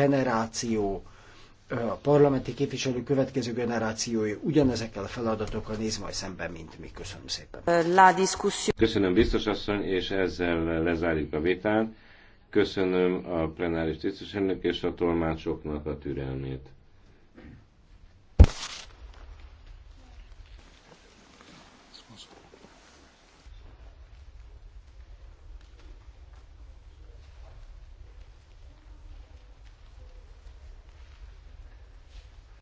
generáció, a parlamenti képviselő következő generációi ugyanezekkel a feladatokkal néz majd szemben, mint mi. Köszönöm szépen. La Köszönöm biztos asszony, és ezzel lezárjuk a vitát. Köszönöm a plenáris tisztviselőnek és a tolmácsoknak a türelmét.